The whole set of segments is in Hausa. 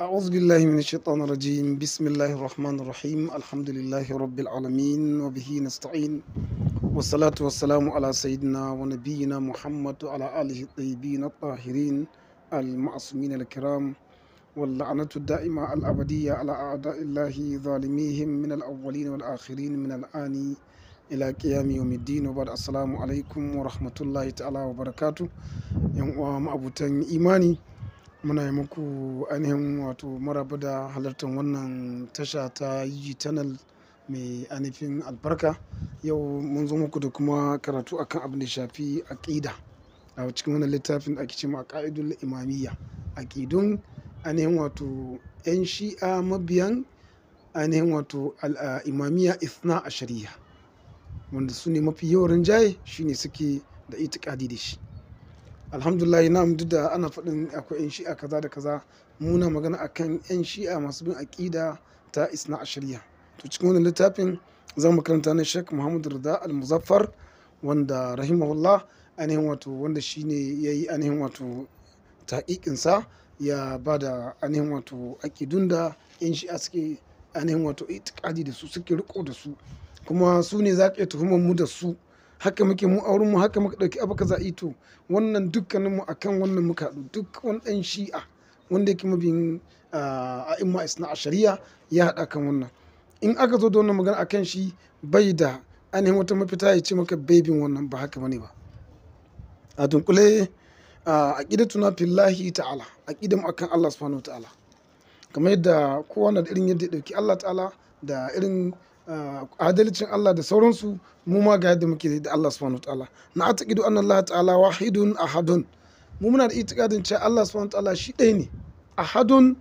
أعوذ بالله من الشيطان الرجيم بسم الله الرحمن الرحيم الحمد لله رب العالمين وبه نستعين والصلاة والسلام على سيدنا ونبينا محمد وعلى آله الطيبين الطاهرين المعصومين الكرام واللعنة الدائمة الأبدية على أعداء الله ظالميهم من الأولين والآخرين من الآن ila kiyami yawmiddin wa bada assalamu alaikum wa rahmatullahi ta'ala wa barakatu yan uwa ma'abutan imani Muna yi muku ainihin wato maraba da halartar wannan tasha ta yi channel mai ainihin albarka. Yau mun zo muku da kuma karatu akan abin da shafi aƙida a cikin wannan littafin da ake ce ma Aƙaidul Imamiyya. Aƙidun ainihin wato 'yan Shi'a mabiyan ainihin wato Imamiyya isna Ashariya, wanda su ne mafi yawan rinjaye shine suke da itikadi da shi. alhamdulillah na duk da ana faɗin akwai 'yan shi'a kaza da kaza muna magana a kan 'yan shi'a masu bin aƙida ta isna ashariya to cikin wannan littafin za mu karanta na sheikh muhammadu rida al-muzaffar wanda rahimahullah ainihin wato wanda shi ne ya yi ainihin wato taƙiƙinsa ya ba da ainihin wato aƙidun da 'yan shi'a suke ainihin wato itikadi da su suke riko da su kuma su ne za ka iya tuhumar mu da su haka muke mu a mu haka muka dauki abu kaza ito wannan dukkanin mu akan wannan muka haɗu duk wani ɗan shi'a wanda yake mabiyin a imma isna a shari'a ya haɗa kan wannan in aka zo da wannan magana akan shi bai da ainihin wata mafita ya ce maka baibin wannan ba haka bane ba a dunkule a tuna fillahi ta'ala mu akan Allah subhanahu ta'ala kamar yadda kowa na da irin yadda ya dauki Allah ta'ala da irin Ah, adalcin Allah da sauransu mu ma ga yadda muke da Allah subhanahu ta'ala na ataqidu anna Allah ta'ala wahidun ahadun mu muna da itiqadin cewa Allah subhanahu ta'ala shi ɗaya ne ahadun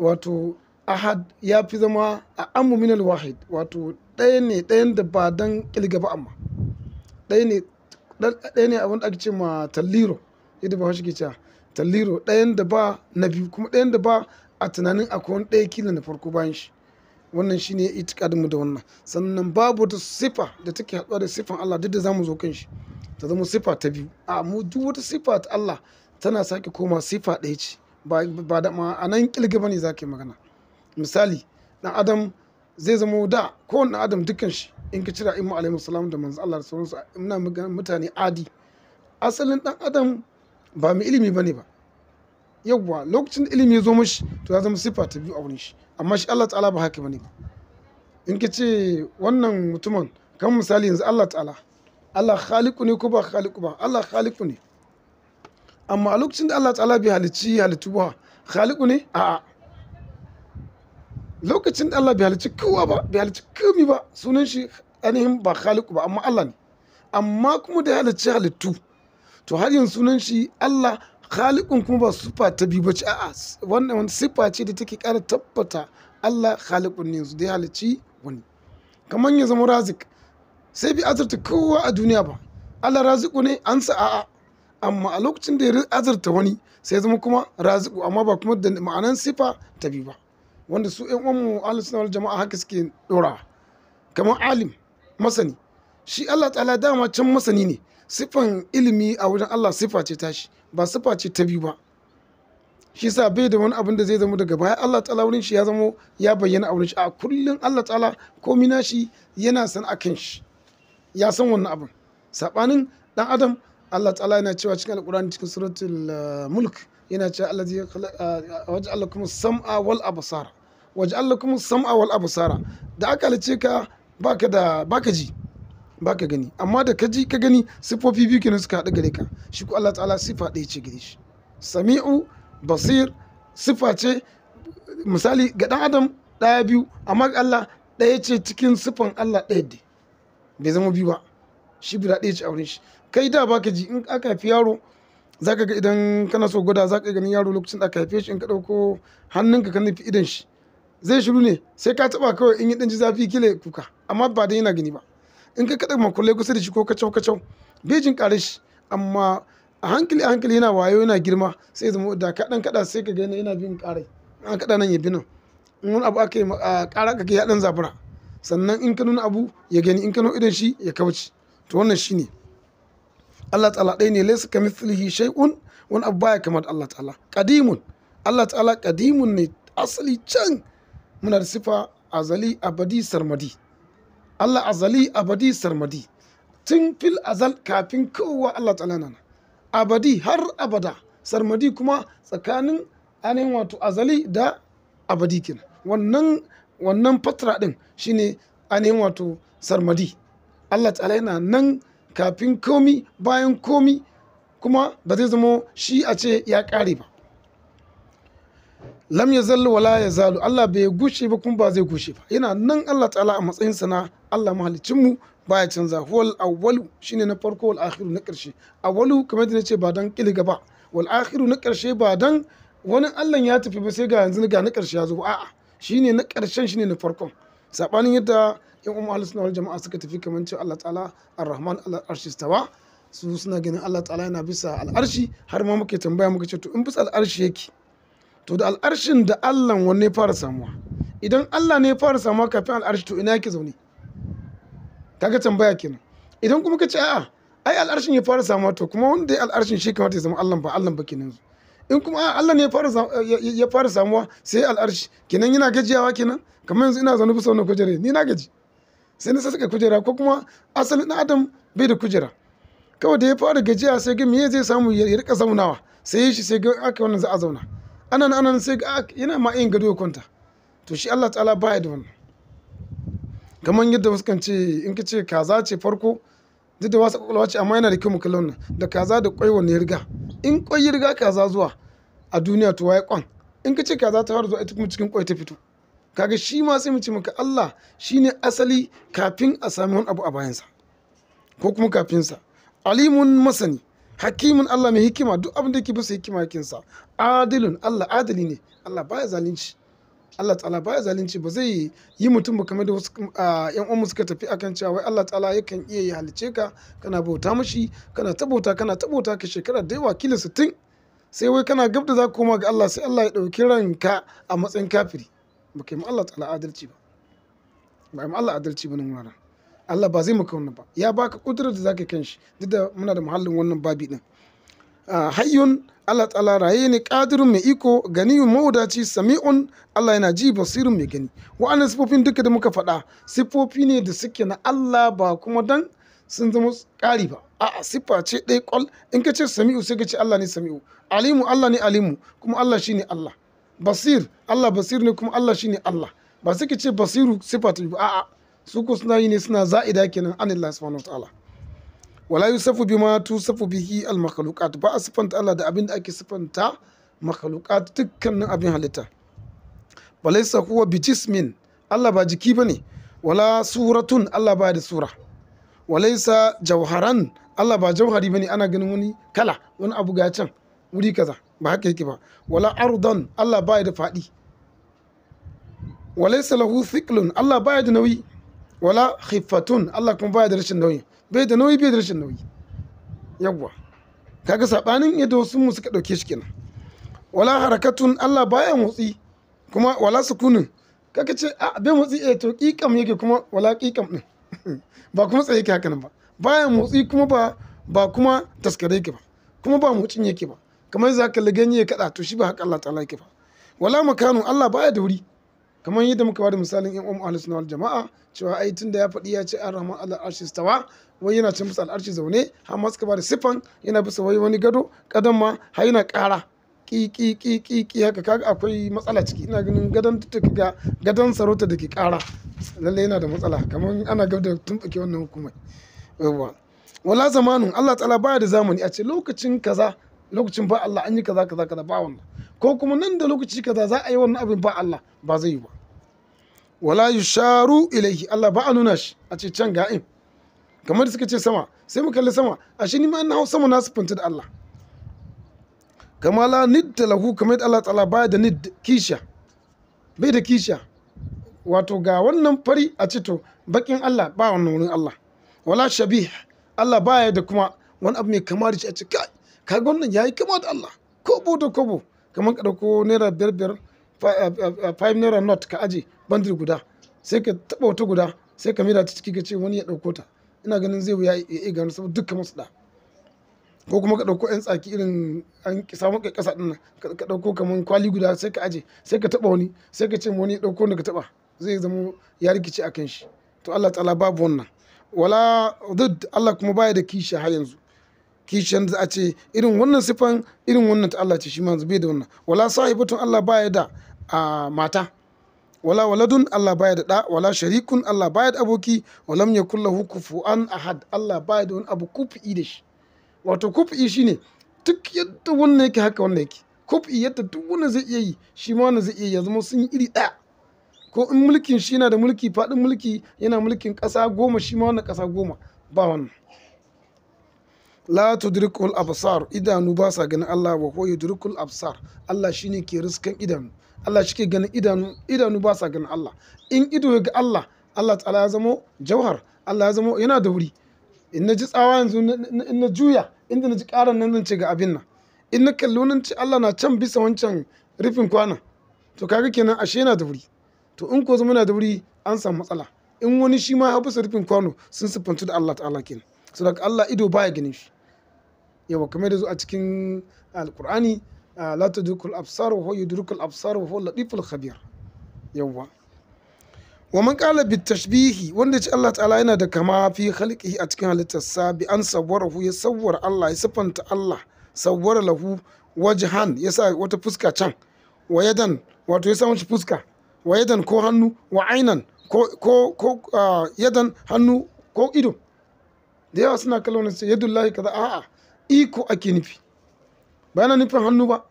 wato ahad ya fi zama a amu al wahid wato ɗaya ne ɗayan da ba dan kilga ba amma ɗaya ne ɗaya ne abin da ake ce ma talliro yadda ba shi ke cewa talliro ɗayan da ba na biyu kuma ɗayan da ba a tunanin akwai wani ɗaya kila na farko bayan shi wannan shine itikadin mu da wannan sannan babu wata sifa da take haɗuwa da sifan Allah duk da zamu zo kan shi ta zama sifa ta biyu a mu duk wata sifa ta Allah tana sake koma sifa ɗaya ce ba da ma ma'anan kilga bane zaka yi magana misali dan adam zai zama da kowane dan adam dukkan shi in ka cira imma alaihi salam da manzo Allah sauransu muna mutane adi asalin dan adam ba mai ilimi bane ba yawwa lokacin da ilimi ya zo mashi to ya zama sifa ta biyu a wurin shi amma shi Allah ta'ala ba haka bane in ka ce wannan mutumin kan misali yanzu Allah ta'ala Allah khaliku ne ko ba khaliku ba Allah khaliku ne amma a lokacin da Allah ta'ala bai halicci halittu ba khaliku ne a'a lokacin da Allah bai halicci kowa ba bai halicci komi ba sunan shi ainihin ba khaliku ba amma Allah ne amma kuma da halicci halittu to har yanzu sunan shi Allah khaliqun kuma ba sufa ta biyu ba ce a'a wannan wani siffa ce da take kara tabbata Allah khaliqun ne yanzu dai halici wani kamar ya zama razik sai bi azurta kowa a duniya ba Allah raziku ne an sa a'a amma a lokacin da ya azurta wani sai zama kuma raziku amma ba kuma da ma'anan siffa ta biyu ba wanda su ƴan uwanmu Allah suna wal jama'a haka suke dora kamar alim masani shi Allah ta'ala dama can masani ne sifan ilimi a wajen Allah siffa ce tashi ba sifa ce ta biyu ba shi sa bai da wani abin da zai zama daga baya Allah ta'ala wurin shi ya zama ya bayyana a wurin shi a kullum Allah ta'ala komi nashi yana san akan shi ya san wannan abin sabanin dan adam Allah ta'ala yana cewa cikin alqur'ani cikin suratul uh, mulk yana cewa Allah zai uh, waje Allah kuma sam'a wal absara waje Allah kuma sam'a wal absara da aka halice ka baka da baka ji Ba ka gani amma da ka ji ka gani sifofi biyu kenan suka haɗu gare ka shi ko Allah ta'ala sifa ɗaya ce gare shi sami'u basir sifa ce misali ga ɗan adam ɗaya biyu amma ga Allah ɗaya ce cikin sifan Allah ɗaya da bai zama biyu ba shi guda ɗaya ce a wurin shi kai da baka ji in aka haifi yaro zaka ga idan kana so gwada zaka ganin yaro lokacin da aka haife shi in ka ɗauko hannunka ka nufi idan shi zai shiru ne sai ka taɓa kawai in yi ɗan ji zafi kile kuka amma ba da yana gani ba in ka kaɗa makullai kusa da shi ko kacau kacau bai jin ƙare shi amma a hankali a hankali yana wayo yana girma sai zama da kaɗan kaɗa sai ka gani yana bin ƙarai an kaɗa nan ya bi nan in wani abu aka yi a ƙara ka ya ɗan zabura sannan in ka nuna abu ya gani in ka nuna idan shi ya kauce to wannan shi ne Allah ta'ala ɗaya ne laisa ka mithlihi shay'un wani abu baya kamar Allah ta'ala qadimun Allah ta'ala qadimun ne asali can muna da sifa azali abadi sarmadi Allah azali abadi sarmadi tun fil azal kafin kowa Allah ta'ala na abadi har abada sarmadi kuma tsakanin ainihin wato azali da abadi kenan wannan wannan fatra din shine ainihin wato sarmadi Allah ta'ala yana nan kafin komi bayan komi kuma ba zai zama shi a ce ya ƙare ba lam ya zallu wala ya zalu Allah bai gushe ba kuma ba zai gushe ba yana nan Allah ta'ala a matsayin sa na Allah mahalicin mu baya canza wal awwalu shine na farko wal akhiru na karshe awwalu kamar da nace ba dan kili gaba wal akhiru na karshe ba dan wani Allah ya tafi ba sai ga yanzu ga na karshe ya zo a'a shine na karshen shine na farkon sabanin yadda yan umma ahlus sunna wal jama'a suka tafi kamar cewa Allah ta'ala ar-rahman al-arshi tawa su suna ganin Allah ta'ala yana bisa al'arshi har ma muke tambaya muka ce to in bisa al'arshi yake to da al'arshin da Allah wanne ya fara samuwa idan Allah ne ya fara samuwa kafin al'arshi to ina yake zaune kaga tambaya kenan idan kuma ka ce a'a ai al'arshin ya fara samuwa to kuma wanda ya al'arshin shi kamata ya zama Allah ba Allah ba kenan in kuma Allah ne ya fara samuwa sai al'arshi kenan yana gajiyawa kenan kamar yanzu ina zaune kusa wani kujere ni na gaji sai na saka kujera ko kuma asalin adam bai da kujera kawai da ya fara gajiya sai ga me zai samu ya rika zaunawa sai shi sai ga aka wannan za a zauna anan anan sai ga ah, yana ma yin gado kwanta to shi Allah ta'ala baya da wannan kamar yadda wasu kan ce in ka ce kaza ce farko duk da wasu kwakwalwa ce amma yana da kyau mu da kaza da kwai wanne ya riga in kwai ya riga kaza zuwa a duniya to waye kwan in ka ce kaza ta fara zuwa ita kuma cikin kwai ta fito kaga shi ma sai mu ce maka Allah shine asali kafin a sami wani abu a bayansa ko kuma kafinsa alimun masani hakimin Allah mai hikima duk abin da yake bisa hikima yakin sa adilun Allah adali ne Allah baya zalunci Allah ta'ala baya zalunci ba zai yi mutum ba kamar da wasu yan uwan suka tafi akan cewa wai Allah ta'ala yakan iya yi halice ka kana bauta mushi kana ta kana ta ka shekara da yawa kila 60 sai wai kana gab da za koma ga Allah sai Allah ya dauki ranka a matsayin kafiri ba kai mu Allah ta'ala adalci ba ba mu Allah adalci ba nan wannan Allah ba zai maka wannan ba ya baka kudurar da zaka kan shi duk da muna da muhallin wannan babi din ah, hayyun Allah ta'ala raye ne qadirun mai iko gani mawadaci sami'un Allah yana ji basirun mai gani wa'annan sifofin duka da muka faɗa sifofi ne da suke na Allah ba kuma dan sun zama ƙari ba a'a siffa ce ɗaya ƙwal in ka ce sami'u sai ka ce Allah ne sami'u alimu Allah ne alimu kuma Allah shine Allah basir Allah basir ne kuma Allah shine Allah ba sai ce basiru sifa ta a'a su ko suna yi ne suna za'ida kenan an Allah subhanahu wataala wala yusafu bima tusafu bihi al makhluqat ba a sifanta Allah da abin da ake sifanta makhluqat dukkanin abin halitta balaysa huwa bi jismin Allah ba jiki bane wala suratun Allah ba da sura walaisa jauharan Allah ba jauhari bane ana ganin wani kala wani abu ga can wuri kaza ba haka yake ba wala ardan Allah ba da faɗi walaisa lahu thiqlun Allah ba da nauyi wala khiffatun Allah kuma baya da rashin nauyi bai da nauyi bai da rashin nauyi yawwa kaga sabanin yadda wasu mu suka dauke shi kenan wala harakatun Allah baya motsi kuma wala sukunin kaga ce a bai motsi eh to kikam yake kuma wala kikam din ba kuma tsaye yake haka nan ba baya motsi kuma ba ba kuma taskare yake ba kuma ba motsin yake ba kamar za ka ganye ya kada to shi ba haka Allah ta'ala yake ba wala makanu Allah baya da wuri kamar yadda muka bada misalin yan uwan ahlus wal jama'a cewa ai tunda ya faɗi ya ce an rahman allah arshi stawa wai yana can bisa al'arshi zaune har ma suka bada sifan yana bisa wai wani gado kadan ma har yana ƙara ƙiƙiƙiƙi haka kaga akwai matsala ciki ina ganin gadon ga gadon sarauta da ke ƙara lallai yana da matsala kamar ana gab da tumɓuke wannan hukumai yawwa wala zamanin Allah ta'ala baya da zamani a ce lokacin kaza lokacin ba Allah an yi kaza kaza kaza ba wannan ko kuma nan da lokaci kaza za a yi wannan abin ba Allah ba zai yi ba wala yusharu ilaihi Allah ba a nuna shi a ce can ga'in kamar da suka ce sama sai mu kalli sama shi ni ma na sama na sufanta da Allah Kamala la da lahu kamar yadda Allah tsala baya da nid kisha bai da kisha wato ga wannan fari a ce to bakin Allah ba wannan wurin Allah wala shabih Allah baya da kuma wani abu mai kamar da shi a ce kai kaga wannan yayi kamar da Allah kobo da kobo kamar ka dauko naira biyar biyar 5 eh, eh, eh, naira note ka aje bandir guda sai ka taɓa wata guda sai ka mira ta ciki ka ce wani ya dauko ta ina ganin zai wuya ya iya gano saboda dukkan masu da ko kuma ka dauko yan tsaki irin an samu kai ƙasa ɗin ka dauko kamar kwali guda sai ka aje sai ka taɓa wani sai ka ce wani ya dauko daga ka taɓa zai zama ya rikice a kan shi to Allah ta'ala babu wannan wala dud Allah kuma baya da kishi har yanzu kishiyan da a ce irin wannan sifan irin wannan ta Allah ce shi ma bai da wannan wala sahibatun Allah baya da a mata wala waladun Allah baya da ɗa wala sharikun Allah baya da aboki Wala walam yakul lahu kufuwan ahad Allah baya da wani abu kufi da shi wato kufi shine duk yadda wannan yake haka wannan yake kufi yadda duk wannan zai iya yi shi ma wannan zai iya ya zama sun yi iri ɗaya ko in mulkin shi yana da mulki Fadin mulki yana mulkin ƙasa goma shi ma wannan ƙasa goma ba wannan la tudrikul absar idanu ba sa ganin Allah wa huwa yudrikul absar Allah shine ke riskan idanu Allah shi ke ganin idanu idanu ba sa ganin Allah in ido ya ga Allah Allah ta'ala ya zamo jauhar Allah ya zamo yana da wuri in na ji tsawa yanzu in na juya inda na ji karan nan zan ce ga abin nan in na kalli nan ce Allah na can bisa wancan rufin kwana to kaga kenan ashe yana da wuri to in ko zama yana da wuri an samu matsala in wani shi ma ya bisa rufin kwano sun siffantu da Allah ta'ala kenan sadaka Allah ido baya ganin shi yawa kamar da zo a cikin ah, alkur'ani ah, la ta tudrikul absar wa yudrikul absar wa huwa latiful khabir yawa wa man qala bi tashbihi wanda ce Allah ta'ala yana da kama fi khalqihi a cikin halittarsa bi an sawwarahu ya sawwara Allah ya sifanta Allah sawwara lahu wajhan ya sa wata fuska can wa yadan wato ya sa wata fuska wa yadan ko hannu wa ainan ko ko ko ah, yadan hannu ko ido da yawa suna kallon yadda yadullahi kaza a'a iko ake nufi ba yana nufin hannu ba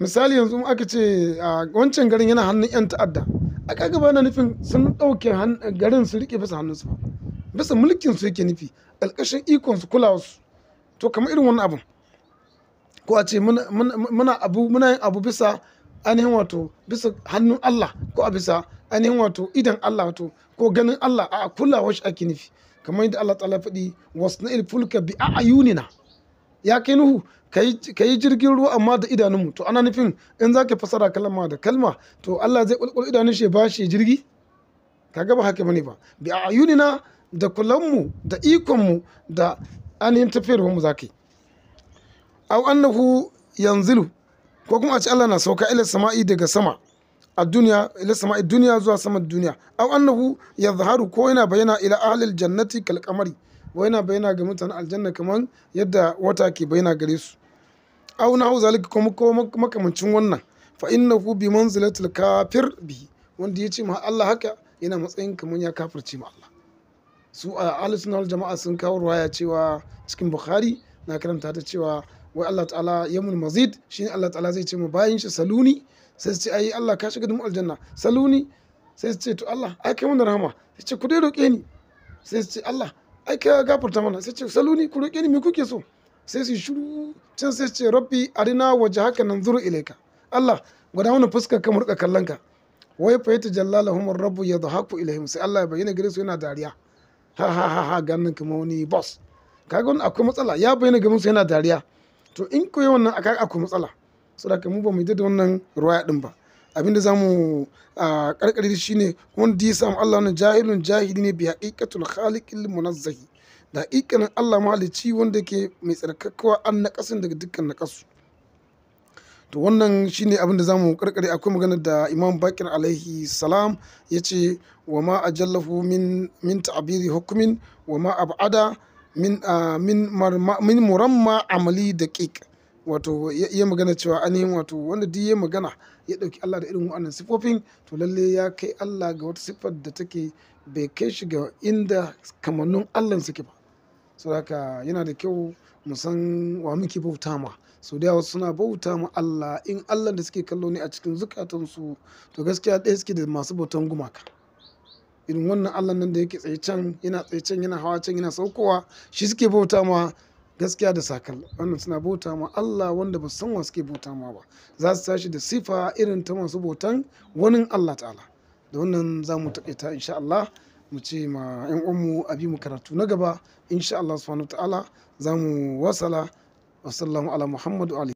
misali yanzu aka ce a wancan garin yana hannun 'yan ta'adda a kaga ba yana nufin sun ɗauke garin su riƙe bisa hannunsu ba bisa mulkin su yake nufi alƙashin ikon su kulawa su to kamar irin wani abin ko a ce muna abu muna yin abu bisa ainihin wato bisa hannun Allah ko a bisa ainihin wato idan Allah wato ko ganin Allah a kula shi ake nufi kamar yadda Allah ta'ala faɗi wasu wasna'il fulka bi a'yunina ya kai nuhu ka yi jirgin ruwa amma da idanunmu to ana nufin in za ka fasara kalma da kalma to Allah zai kulkul idanun shi ba shi jirgi ka ba haka ne ba bi ayunina da kulanmu da ikonmu da ainihin mu za ka yi au annahu yanzilu ko kuma a ce Allah na sauka ila sama'i daga sama a duniya ila sama'i duniya zuwa saman duniya au annahu yadhharu ko yana bayyana ila ahlil jannati kal qamari wa yana bayyana ga mutanen aljanna kamar yadda wata ke bayyana gare su aw na zalika kuma ko makamancin wannan fa innahu bi manzilatil kafir bi wanda ya ce ma Allah haka yana matsayin kamar ya kafirce ma Allah su a alisunan jama'a sun kawo ruwaya cewa cikin bukhari na karanta ta cewa wai Allah ta'ala yamul mazid shine Allah ta'ala zai ce mu bayin shi saluni sai su ce ai Allah ka shiga dumu aljanna saluni sai su ce to Allah ai kai mun rahama sai ce ku dai roke ni sai su ce Allah ai ka gafarta mana sai ce saloni ku roƙe ni me kuke so sai su shiru can sai ce rabbi arina waje haka nan zuru ilaika Allah gwada mana fuskar ka murka kallon ka wai fa yata jallalahum rabbu yadhaku ilaihim sai Allah ya bayyana gare su yana dariya ha ha ha ha ganin kuma wani boss kaga wani akwai matsala ya bayyana gare su yana dariya to in koyi wannan akwai matsala saboda mu ba mu yi da wannan ruwaya din ba abinda za mu karkare da shi ne wanda ya samu Allah wannan jahilun jahili ne bi haqiqatul khaliqil munazzahi da haqiqanin Allah mahalicci wanda ke mai tsarkakkawa an naqasin daga dukkan kasu to wannan shine abin da zamu karkare akwai magana da Imam Bakir alaihi salam yace wa ma ajallahu min min ta'biri hukmin wa ma ab'ada min min min muramma amali daqiq wato ya magana cewa ainihin wato wanda duk ya magana ya ɗauki Allah da irin wannan sifofin to lalle ya kai Allah ga wata siffar da take bai kai shi ga inda kamannun Allah suke ba so haka yana da kyau mu san wa muke bauta ma so da wasu suna bauta ma Allah in Allah da suke kallo ne a cikin zukatansu to gaskiya ɗaya suke da masu bautan gumaka irin wannan Allah nan da yake tsaye can yana tsaye can yana hawa can yana saukowa shi suke bauta ma gaskiya da sakal wannan suna bauta ma Allah wanda ba san wa suke bauta ma ba za su tashi da sifa irin ta masu bautan wani Allah ta'ala da wannan za mu taƙaita insha Allah mu ce ma 'yan uwanmu a bi mu karatu na gaba insha Allah subhanahu ta'ala za mu wasala wasallamu ala Muhammadu